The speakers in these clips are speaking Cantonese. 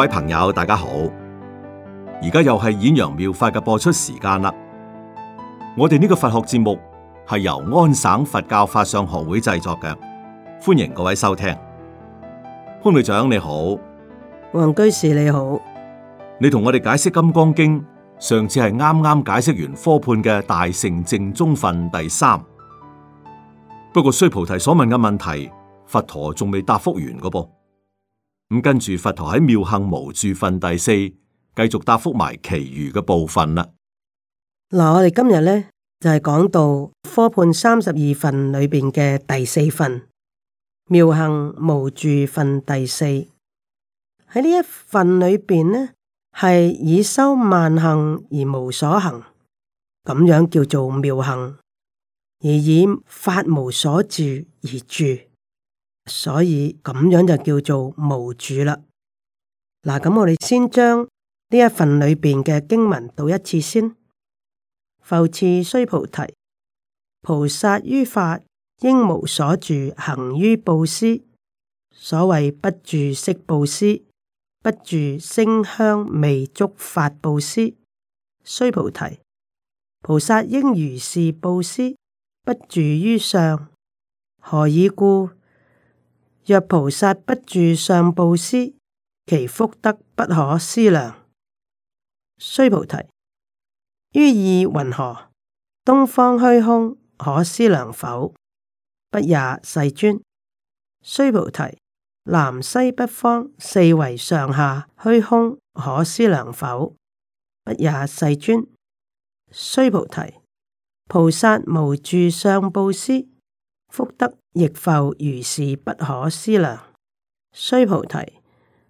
各位朋友，大家好！而家又係《演揚妙，妙法》嘅播出時間啦。我哋呢個佛學節目係由安省佛教法相學會製作嘅，歡迎各位收聽。潘會長你好，黃居士你好，你同我哋解釋《金剛經》，上次係啱啱解釋完科判嘅大乘正宗分第三，不過須菩提所問嘅問題，佛陀仲未答覆完個噃。咁跟住，佛陀喺妙行無住分第四，繼續答復埋其餘嘅部分啦。嗱，我哋今日咧就係、是、講到科判三十二份裏邊嘅第四份，妙行無住分第四。喺呢一份裏邊呢，係以修萬行而無所行，咁樣叫做妙行，而以法無所住而住。所以咁樣就叫做無住啦。嗱，咁我哋先將呢一份裏邊嘅經文讀一次先。復次須菩提，菩薩於法應無所住，行於布施。所謂不住色布施，不住聲香味觸法布施。須菩提，菩薩應如是布施，不住於相。何以故？若菩薩不住相布施，其福德不可思量。須菩提，於意云何？東方虛空可思量否？不也，世尊。須菩提，南西北方四維上下虛空可思量否？不也，世尊。須菩提，菩薩無住相布施。福德亦復如是，不可思量。須菩提，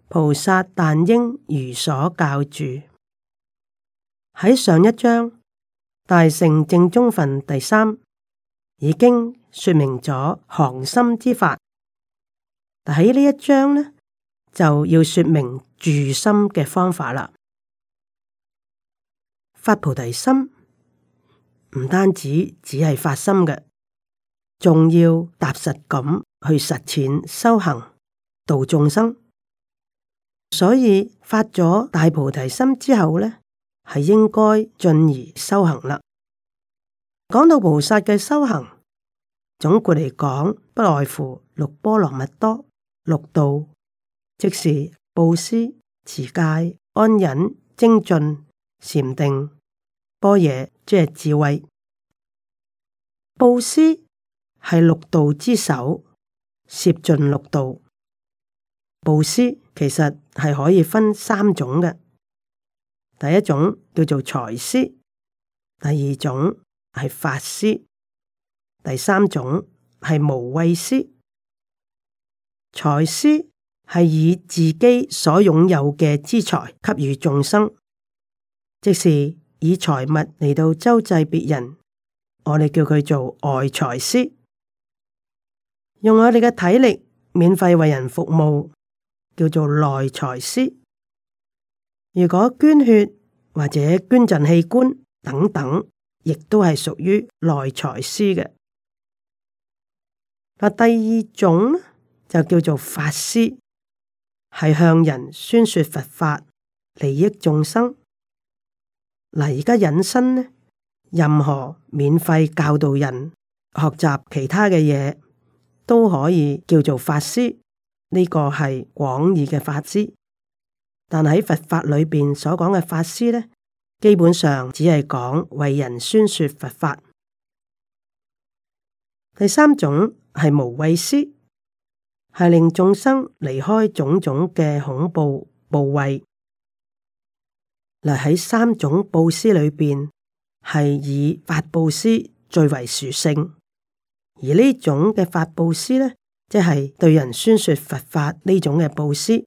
菩薩但應如所教住。喺上一章《大乘正宗分》第三已經說明咗降心之法，但喺呢一章呢，就要說明住心嘅方法啦。發菩提心唔單止只係發心嘅。仲要踏實咁去實踐修行度眾生，所以發咗大菩提心之後呢，係應該進而修行啦。講到菩薩嘅修行，總括嚟講，不外乎六波羅蜜多六度，即是布施、持戒、安忍、精進、禪定、般若即係智慧、布施。係六道之首，涉盡六道。布施其實係可以分三種嘅，第一種叫做財施，第二種係法施，第三種係無畏施。財施係以自己所擁有嘅資財給予眾生，即是以財物嚟到周濟別人，我哋叫佢做外財施。用我哋嘅體力免費為人服務，叫做內財師。如果捐血或者捐贈器官等等，亦都係屬於內財師嘅。第二種就叫做法師，係向人宣說佛法，利益眾生。嗱，而家引申呢，任何免費教導人學習其他嘅嘢。都可以叫做法師，呢、呢個係廣義嘅法師。但喺佛法裏邊所講嘅法師呢，基本上只係講為人宣說佛法。第三種係無畏施，係令眾生離開種種嘅恐怖怖畏。嗱喺三種布施裏邊，係以法布施最為殊勝。而呢種嘅法布施呢，即係對人宣說佛法呢種嘅布施，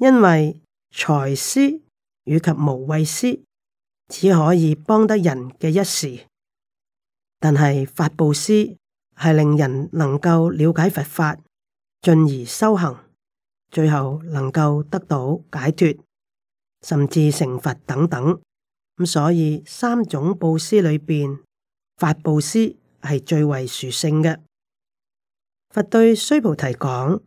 因為財施以及無畏施只可以幫得人嘅一時，但係法布施係令人能夠了解佛法，進而修行，最後能夠得到解脫，甚至成佛等等。咁所以三種布施裏邊，法布施。係最為殊勝嘅。佛對須菩提講：，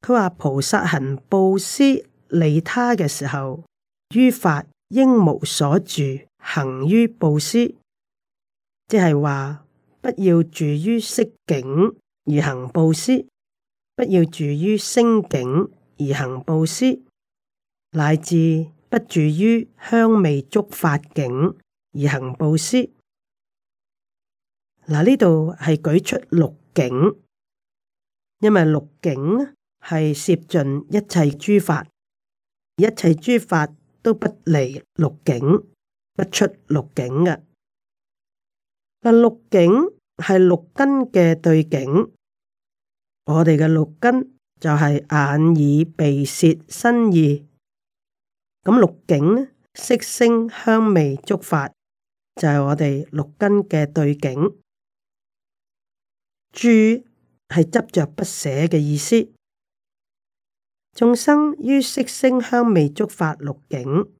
佢話菩薩行布施利他嘅時候，於法應無所住，行於布施，即係話不要住於色境而行布施，不要住於聲境而行布施，乃至不住於香味觸法境而行布施。嗱，呢度係舉出六境，因為六境係攝盡一切諸法，一切諸法都不離六境，不出六境嘅。嗱，六境係六根嘅對境，我哋嘅六根就係眼、耳、鼻、舌、身、意，咁六境呢，色、聲、香、味、觸、法，就係我哋六根嘅對境。住係執着不捨嘅意思。眾生於色聲香味觸法六境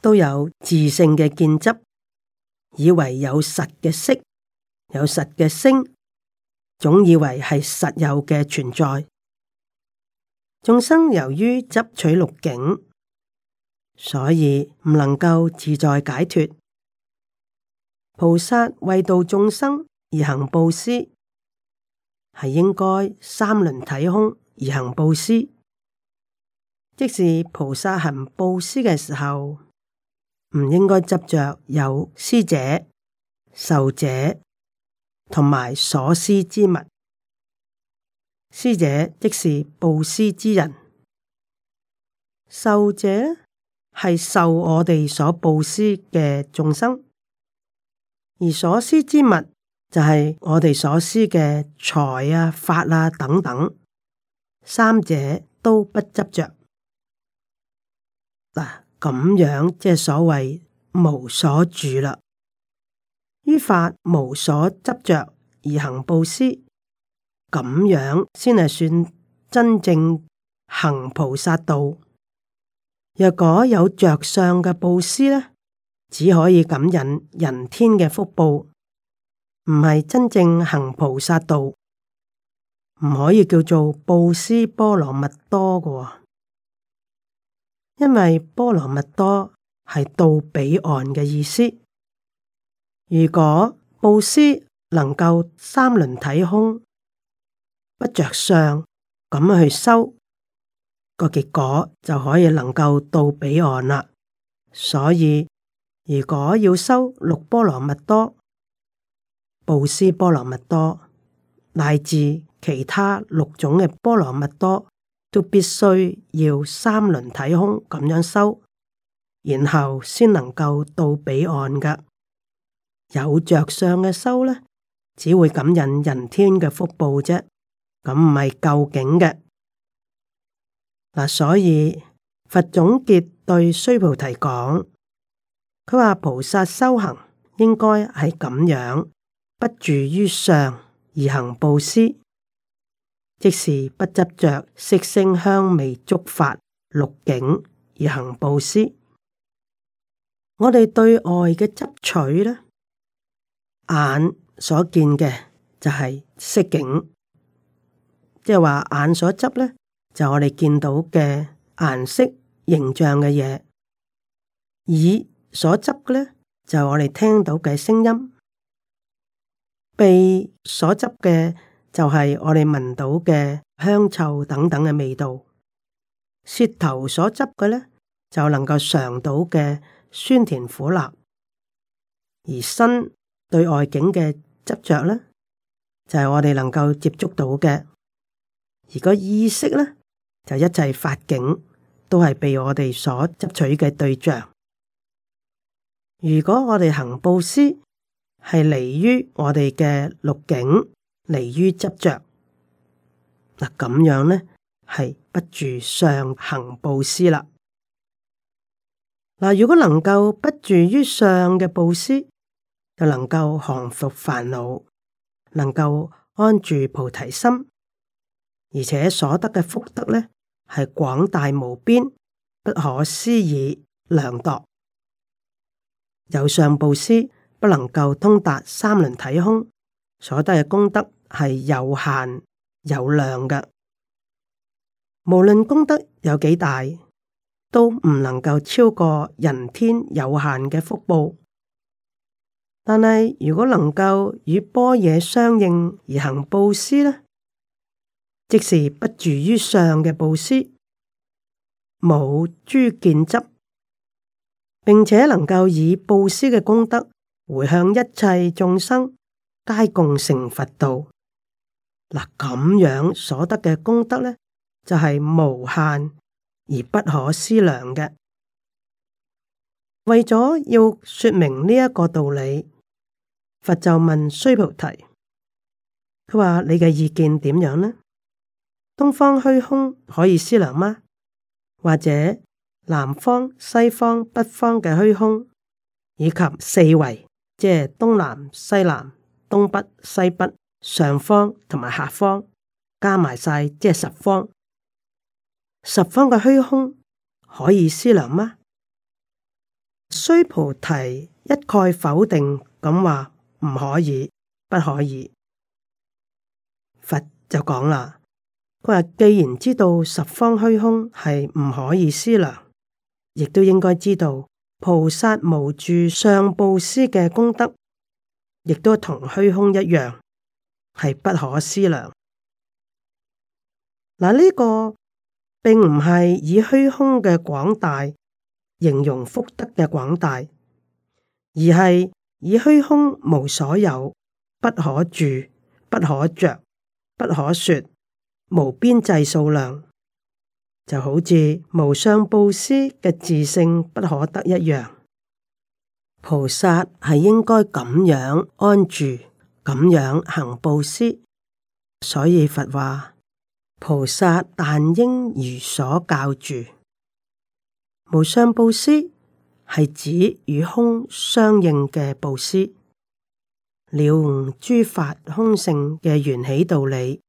都有自性嘅見執，以為有實嘅色，有實嘅聲，總以為係實有嘅存在。眾生由於執取六境，所以唔能夠自在解脱。菩薩為度眾生而行布施。係應該三輪體空而行布施，即是菩薩行布施嘅時候，唔應該執着有施者、受者同埋所施之物。施者即是布施之人，受者係受我哋所布施嘅眾生，而所施之物。就係我哋所思嘅財啊、法啊等等三者都不執着嗱，咁、啊、樣即係所謂無所住啦。於法無所執着而行布施，咁樣先係算真正行菩薩道。若果有着相嘅布施呢，只可以感應人天嘅福報。唔係真正行菩薩道，唔可以叫做布施波羅蜜多嘅。因為波羅蜜多係到彼岸嘅意思。如果布施能夠三輪體空，不着相咁去修，個結果就可以能夠到彼岸啦。所以如果要修六波羅蜜多。布施波羅蜜多乃至其他六種嘅波羅蜜多，都必須要三輪體空咁樣修，然後先能夠到彼岸噶。有着相嘅修呢，只會感應人天嘅福報啫，咁唔係究竟嘅。嗱，所以佛總結對須菩提講，佢話菩薩修行應該係咁樣。不住於上而行布施，即是不執着色聲香味觸法六境而行布施。我哋對外嘅執取咧，眼所見嘅就係色境，即係話眼所執咧，就係我哋見到嘅顏色、形象嘅嘢；耳所執嘅咧，就係我哋聽到嘅聲音。鼻所執嘅就係我哋聞到嘅香臭等等嘅味道，舌頭所執嘅呢就能夠嘗到嘅酸甜苦辣，而身對外境嘅執着呢就係、是、我哋能夠接觸到嘅，而個意識呢就一切法境都係被我哋所執取嘅對象。如果我哋行布施。係離於我哋嘅六境，離於執着。嗱，咁樣呢，係不住上行布施啦。嗱，如果能夠不住於上嘅布施，就能夠降伏煩惱，能夠安住菩提心，而且所得嘅福德呢，係廣大無邊，不可思議，量度由上布施。不能夠通達三輪體空，所得嘅功德係有限有量嘅。無論功德有幾大，都唔能夠超過人天有限嘅福報。但係如果能夠與般若相應而行布施呢，即是不住於相嘅布施，無諸見執，並且能夠以布施嘅功德。回向一切眾生，皆共成佛道。嗱，咁樣所得嘅功德咧，就係、是、無限而不可思量嘅。為咗要說明呢一個道理，佛就問須菩提，佢話你嘅意見點樣呢？東方虛空可以思量嗎？或者南方、西方、北方嘅虛空，以及四維？即係東南、西南、東北、西北、上方同埋下方，加埋晒即係十方。十方嘅虛空可以思量嗎？須菩提一概否定咁話唔可以，不可以。佛就講啦，佢話既然知道十方虛空係唔可以思量，亦都應該知道。菩薩無住相布施嘅功德，亦都同虛空一樣，係不可思量。嗱，呢個並唔係以虛空嘅廣大形容福德嘅廣大，而係以虛空無所有、不可住、不可着、不可說，無邊際數量。就好似無相布施嘅自性不可得一樣，菩薩係應該咁樣安住，咁樣行布施。所以佛話：菩薩但應如所教住，無相布施係指與空相應嘅布施，了悟諸法空性嘅緣起道理。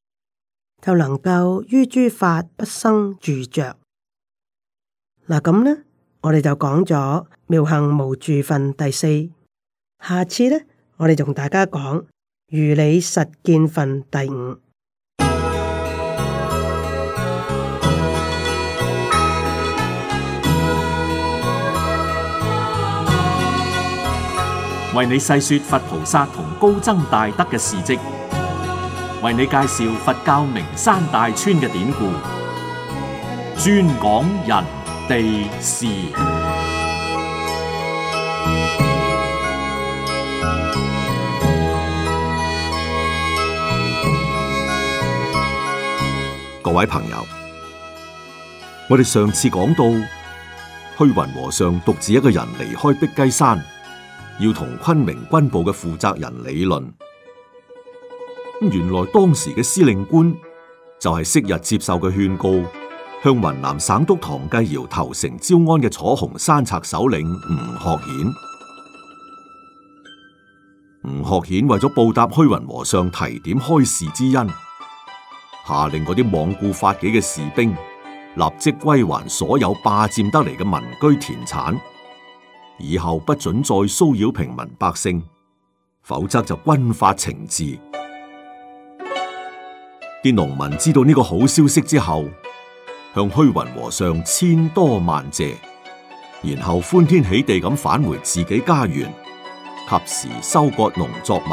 就能夠於諸法不生住着。嗱咁呢，我哋就講咗妙行無住分第四。下次呢，我哋同大家講如理實見分第五。為你細說佛菩薩同高僧大德嘅事跡。為你介紹佛教名山大川嘅典故，專講人地事。各位朋友，我哋上次講到，虛雲和尚獨自一個人離開碧雞山，要同昆明軍部嘅負責人理論。原來當時嘅司令官就係昔日接受嘅勸告，向雲南省督唐繼堯投誠招安嘅楚雄山賊首領吳學顯。吳學顯為咗報答虛雲和尚提點開示之恩，下令嗰啲罔顧法紀嘅士兵立即歸還所有霸佔得嚟嘅民居田產，以後不准再騷擾平民百姓，否則就軍法懲治。啲農民知道呢個好消息之後，向虛雲和尚千多萬謝，然後歡天喜地咁返回自己家園，及時收割農作物，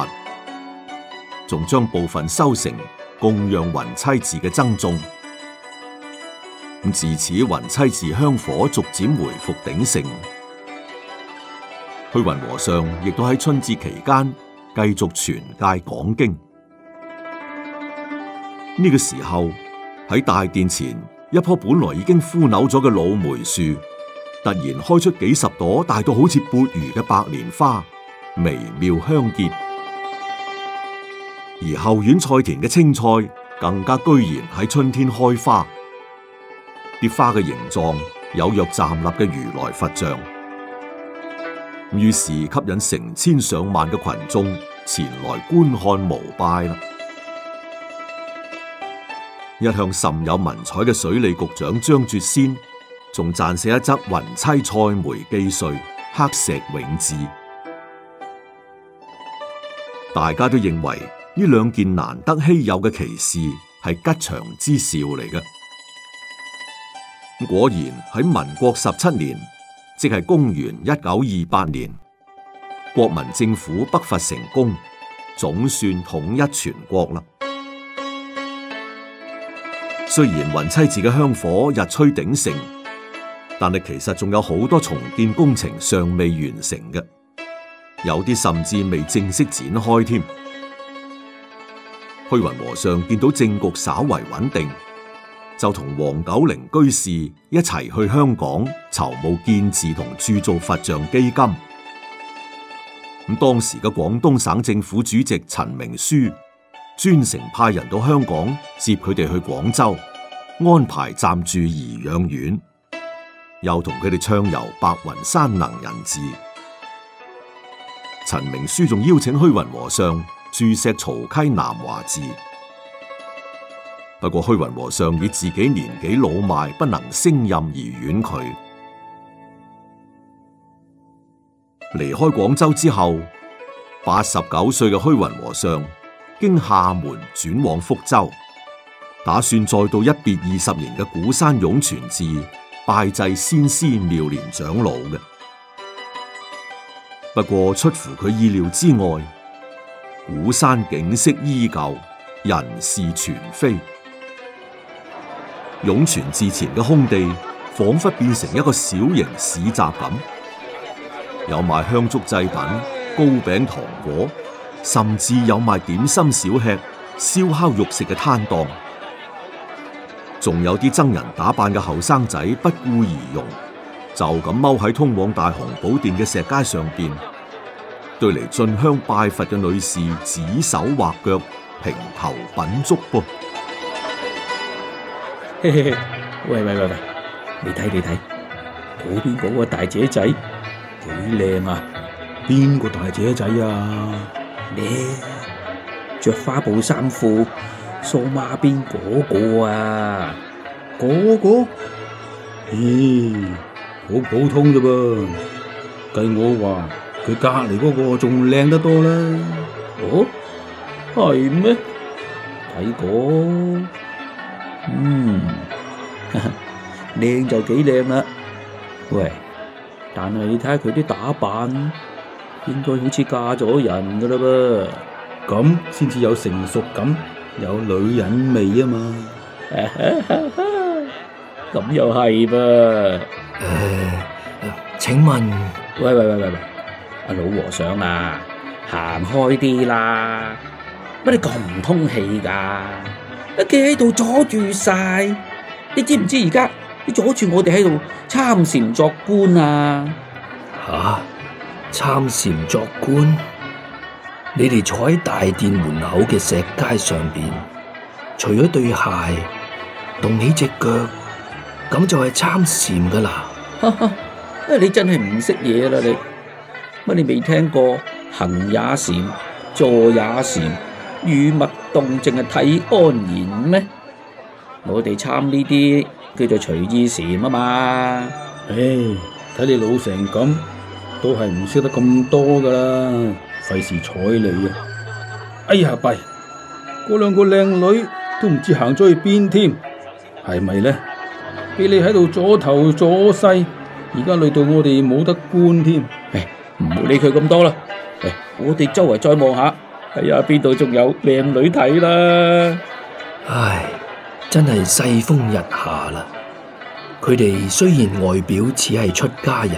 仲將部分收成供養雲棲寺嘅僧眾。咁自此雲棲寺香火逐漸回復鼎盛，虛雲和尚亦都喺春節期間繼續傳戒講經。呢個時候喺大殿前一棵本來已經枯朽咗嘅老梅樹，突然開出幾十朵大到好似缽盂嘅白蓮花，微妙香潔；而後院菜田嘅青菜更加居然喺春天開花，啲花嘅形狀有若站立嘅如來佛像，於是吸引成千上萬嘅群眾前來觀看膜拜啦。一向甚有文采嘅水利局長張絕仙，仲撰寫一則《雲妻菜梅記序》《黑石永志》，大家都認為呢兩件難得稀有嘅奇事係吉祥之兆嚟嘅。果然喺民國十七年，即係公元一九二八年，國民政府北伐成功，總算統一全國啦。雖然雲棲寺嘅香火日趨鼎盛，但係其實仲有好多重建工程尚未完成嘅，有啲甚至未正式展開添。虛雲和尚見到政局稍為穩定，就同王九齡居士一齊去香港籌募建寺同鑄造佛像基金。咁當時嘅廣東省政府主席陳明書。專程派人到香港接佢哋去廣州，安排暫住頤養院，又同佢哋暢遊白雲山能仁寺，陳明書仲邀請虛雲和尚住錫曹溪南華寺，不過虛雲和尚以自己年紀老邁，不能升任而婉拒。離開廣州之後，八十九歲嘅虛雲和尚，經廈門轉往福州，打算再到一別二十年嘅鼓山湧泉寺拜祭先師妙蓮長老嘅。不過出乎佢意料之外，鼓山景色依舊，人事全非。湧泉寺前嘅空地仿佛變成一個小型市集咁，有賣香燭祭品、糕餅糖果。甚至有賣點心小吃、燒烤肉食嘅攤檔，仲有啲僧人打扮嘅後生仔不顧而容， 就咁踎喺通往大雄寶殿嘅石階上邊，對嚟進香拜佛嘅女士指手畫腳、評頭品足噃 喂喂喂喂，你睇你睇，嗰邊嗰個大姐仔幾靚啊？邊個大姐仔啊？靚，着花布衫褲，梳孖辮嗰個啊，嗰個，個，咦、嗯，好普通啫噃。計我話，佢隔籬嗰個仲靚得多啦。哦，係咩？睇過，嗯，靚就幾靚啦。喂，但係你睇下佢啲打扮。應該好似嫁咗人噶啦噃，咁先至有成熟感，有女人味啊嘛。咁又係噃。誒、呃呃，請問，喂喂喂喂喂，阿老和尚啊，行開啲啦！乜你咁唔通氣噶？一企喺度阻住晒，你知唔知而家你阻住我哋喺度參禪作觀啊？吓、啊！參禪作官，你哋坐喺大殿門口嘅石階上邊，除咗對鞋，動起隻腳，咁就係參禪噶啦。你真係唔識嘢啦你，乜你未聽過行也禪，坐也禪，與物動靜係體安然咩？我哋參呢啲叫做隨意禪啊嘛。唉，睇你老成咁。都係唔識得咁多噶啦，費事睬你啊！哎呀，弊，嗰兩個靚女都唔知行咗去邊添，係咪呢？俾、嗯、你喺度左頭左勢，而家累到我哋冇得觀添。哎，唔好理佢咁多啦。哎，我哋周圍再望下，哎呀，邊度仲有靚女睇啦？唉，唉看看唉唉真係世風日下啦。佢哋雖然外表似係出家人。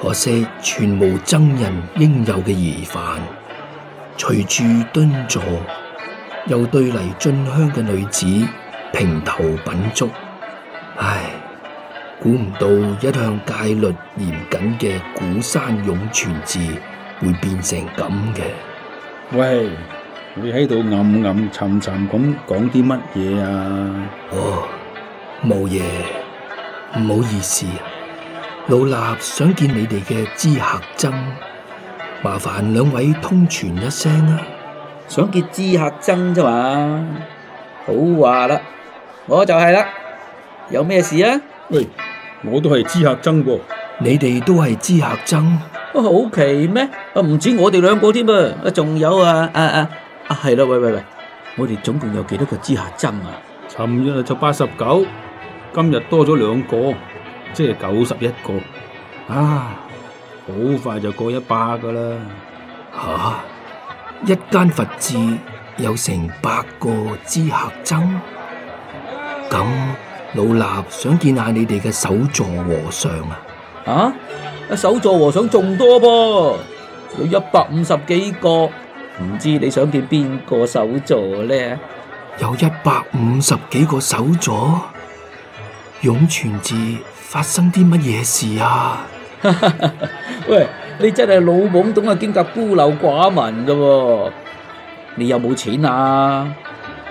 可惜全無僧人應有嘅威儀，隨住蹲坐，又對嚟進香嘅女子評頭品足。唉，估唔到一向戒律嚴謹嘅鼓山湧泉寺會變成咁嘅。喂，你喺度暗暗沉沉咁講啲乜嘢啊？哦，冇嘢，唔好意思。老衲想見你哋嘅知客僧，麻煩兩位通傳一聲啦。想見知客僧啫嘛，好話啦，我就係啦，有咩事啊？喂，我都係知客僧噃，你哋都係知客僧，好奇咩？啊，唔止我哋兩個添噃，仲有啊啊啊，係啦，喂喂喂，我哋總共有幾多個知客僧啊？尋日就八十九，今日多咗兩個。即係九十一個啊，好快就過一百個啦吓！一間佛寺有成百個知客僧，咁老衲想見下你哋嘅首座和尚啊！啊，首座和尚仲多噃，有一百五十幾個，唔知你想見邊個首座咧？有一百五十幾個首座，湧泉寺。發生啲乜嘢事啊？ 喂，你真係老懵懂啊，兼隔孤陋寡聞噶。你有冇錢啊？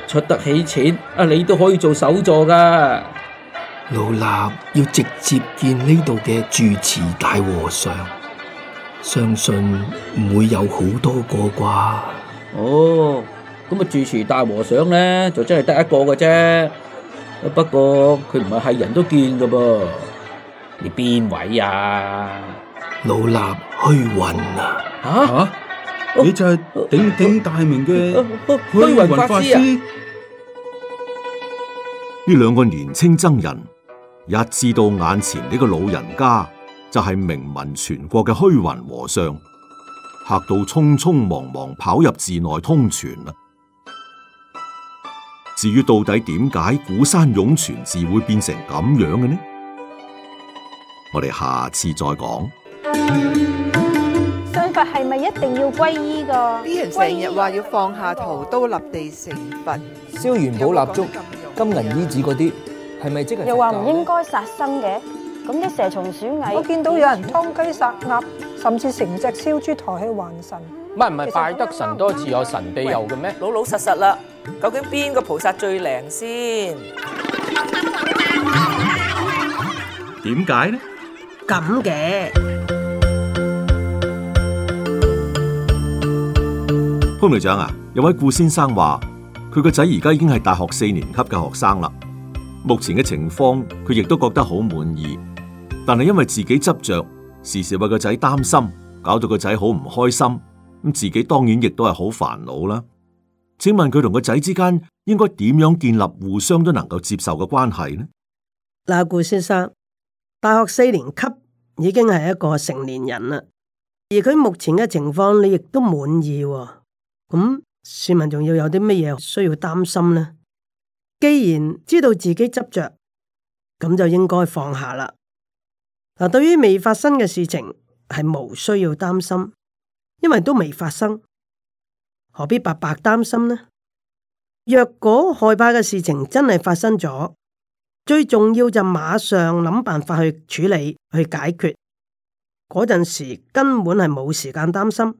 出得起錢啊，你都可以做首座噶。老衲要直接見呢度嘅住持大和尚，相信唔會有好多個啩。哦，咁啊，住持大和尚咧就真係得一個嘅啫。不過佢唔係係人都見噶噃、啊。你邊位啊？老衲虛雲啊！吓！你就係鼎鼎大名嘅虛雲法師！呢兩個年青僧人一知道眼前呢個老人家就係名聞全國嘅虛雲和尚，嚇到匆匆忙忙跑入寺內通傳啦。Мире, 至於到底點解鼓山湧泉寺會變成咁樣嘅呢？我哋下次再講。信佛係咪一定要皈依㗎？啲人成日話要放下屠刀立地成佛，燒元寶蠟燭、金銀衣紙嗰啲，係咪即係？又話唔應該殺生嘅，咁啲蛇蟲鼠蟻，我見到有人劏雞殺鴨，甚至成隻燒豬抬去還神。唔係唔係，拜得神多自有神庇佑嘅咩？老老實實啦，究竟邊個菩薩最靈先？點解呢？咁嘅潘苗長啊，有位顧先生話佢個仔而家已經係大學四年級嘅學生啦。目前嘅情況，佢亦都覺得好滿意。但係因為自己執着，時時為個仔擔心，搞到個仔好唔開心。咁自己當然亦都係好煩惱啦。請問佢同個仔之間應該點樣建立互相都能夠接受嘅關係呢？嗱，顧先生，大學四年級。已經係一個成年人啦，而佢目前嘅情況你亦都滿意喎，咁市民仲要有啲乜嘢需要擔心呢？既然知道自己執着，咁就應該放下啦。嗱，對於未發生嘅事情係無需要擔心，因為都未發生，何必白白擔心呢？若果害怕嘅事情真係發生咗，最重要就馬上諗辦法去處理、去解決。嗰陣時根本係冇時間擔心，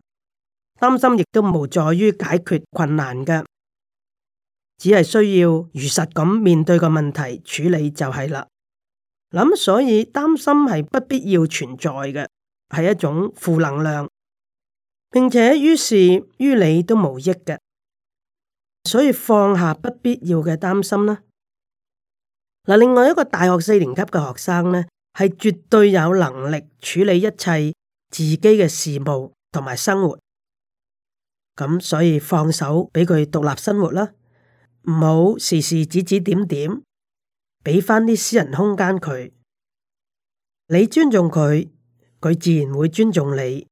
擔心亦都無助於解決困難嘅，只係需要如實咁面對個問題處理就係啦。諗所以擔心係不必要存在嘅，係一種負能量，並且於事於理都無益嘅，所以放下不必要嘅擔心啦。嗱，另外一個大學四年級嘅學生咧，係絕對有能力處理一切自己嘅事務同埋生活，咁所以放手俾佢獨立生活啦，唔好事事指指點點，俾翻啲私人空間佢。你尊重佢，佢自然會尊重你。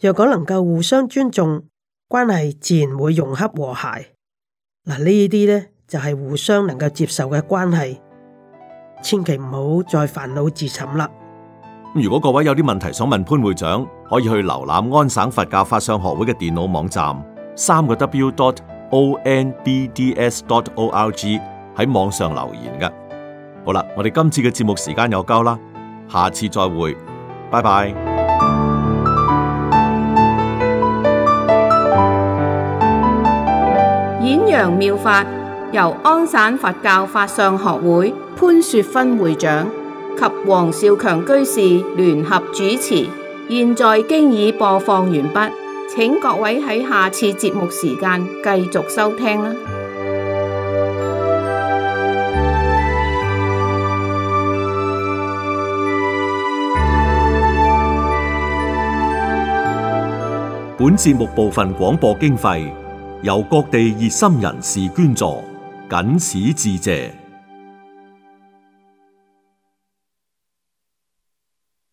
若果能夠互相尊重，關係自然會融洽和諧。嗱，呢啲咧就係互相能夠接受嘅關係。千祈唔好再煩惱自尋啦。如果各位有啲問題想問潘會長，可以去瀏覽安省佛教法相學會嘅電腦網站，三個 w dot o n b d s dot o r g 喺網上留言㗎。好啦，我哋今次嘅節目時間又夠啦，下次再會，拜拜。演揚妙法由安省佛教法相學會。潘雪芬會長及黃少強居士聯合主持，現在經已播放完畢，請各位喺下次節目時間繼續收聽啦。本節目部分廣播經費由各地熱心人士捐助，謹此致謝。